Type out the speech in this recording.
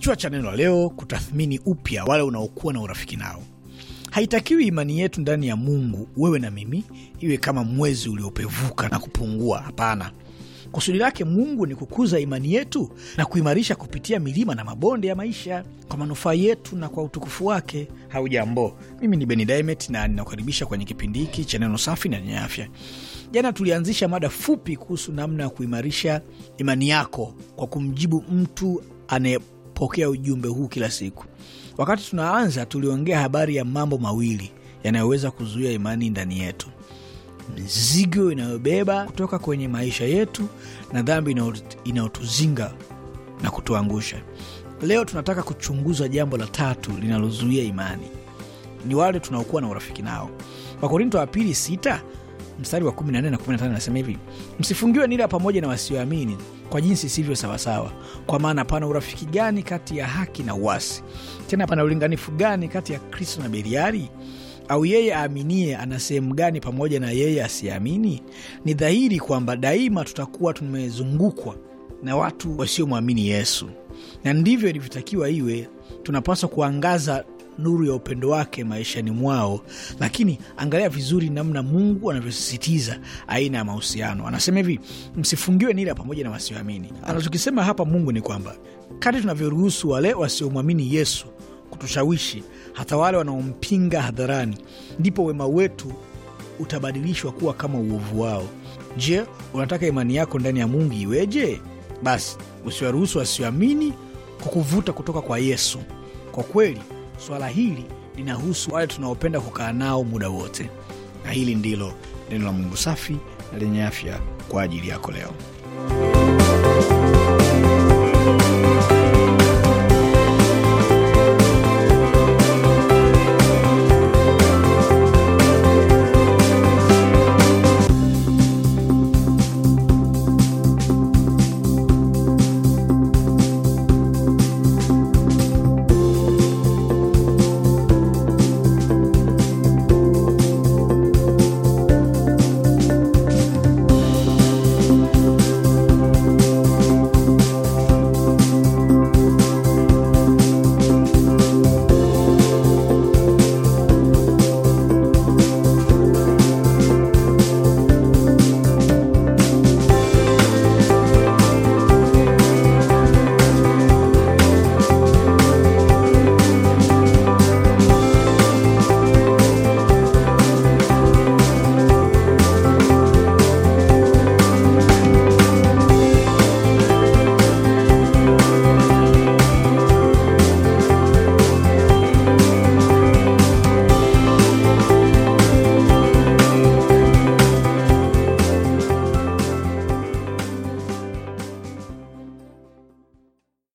Kichwa cha neno la leo: kutathmini upya wale unaokuwa na urafiki nao. Haitakiwi imani yetu ndani ya Mungu, wewe na mimi, iwe kama mwezi uliopevuka na kupungua. Hapana, kusudi lake Mungu ni kukuza imani yetu na kuimarisha kupitia milima na mabonde ya maisha kwa manufaa yetu na kwa utukufu wake. Haujambo, mimi ni Beni Dimet na ninakukaribisha kwenye kipindi hiki cha neno safi na lenye afya. Jana tulianzisha mada fupi kuhusu namna ya kuimarisha imani yako kwa kumjibu mtu anaye kupokea ujumbe huu kila siku. Wakati tunaanza, tuliongea habari ya mambo mawili yanayoweza kuzuia imani ndani yetu: mizigo inayobeba kutoka kwenye maisha yetu na dhambi inayotuzinga na kutuangusha. Leo tunataka kuchunguza jambo la tatu linalozuia imani, ni wale tunaokuwa na urafiki nao. Wakorinto wa pili sita mstari wa 14 na 15 anasema hivi, msifungiwe nira pamoja na wasioamini kwa jinsi isivyo sawasawa, kwa maana pana urafiki gani kati ya haki na uasi? Tena pana ulinganifu gani kati ya Kristo na Beliari? Au yeye aaminie ana sehemu gani pamoja na yeye asiamini Ni dhahiri kwamba daima tutakuwa tumezungukwa na watu wasiomwamini Yesu na ndivyo ilivyotakiwa iwe. Tunapaswa kuangaza nuru ya upendo wake maishani mwao. Lakini angalia vizuri namna Mungu anavyosisitiza aina ya mahusiano. Anasema hivi, msifungiwe nira pamoja na wasioamini. Anachokisema hapa Mungu ni kwamba kadri tunavyoruhusu wale wasiomwamini Yesu kutushawishi, hata wale wanaompinga hadharani, ndipo wema wetu utabadilishwa kuwa kama uovu wao. Je, unataka imani yako ndani ya Mungu iweje? basi usiwaruhusu wasioamini kukuvuta kutoka kwa Yesu. Kwa kweli swala hili linahusu wale tunaopenda kukaa nao muda wote, na hili ndilo neno la Mungu safi na lenye afya kwa ajili yako leo.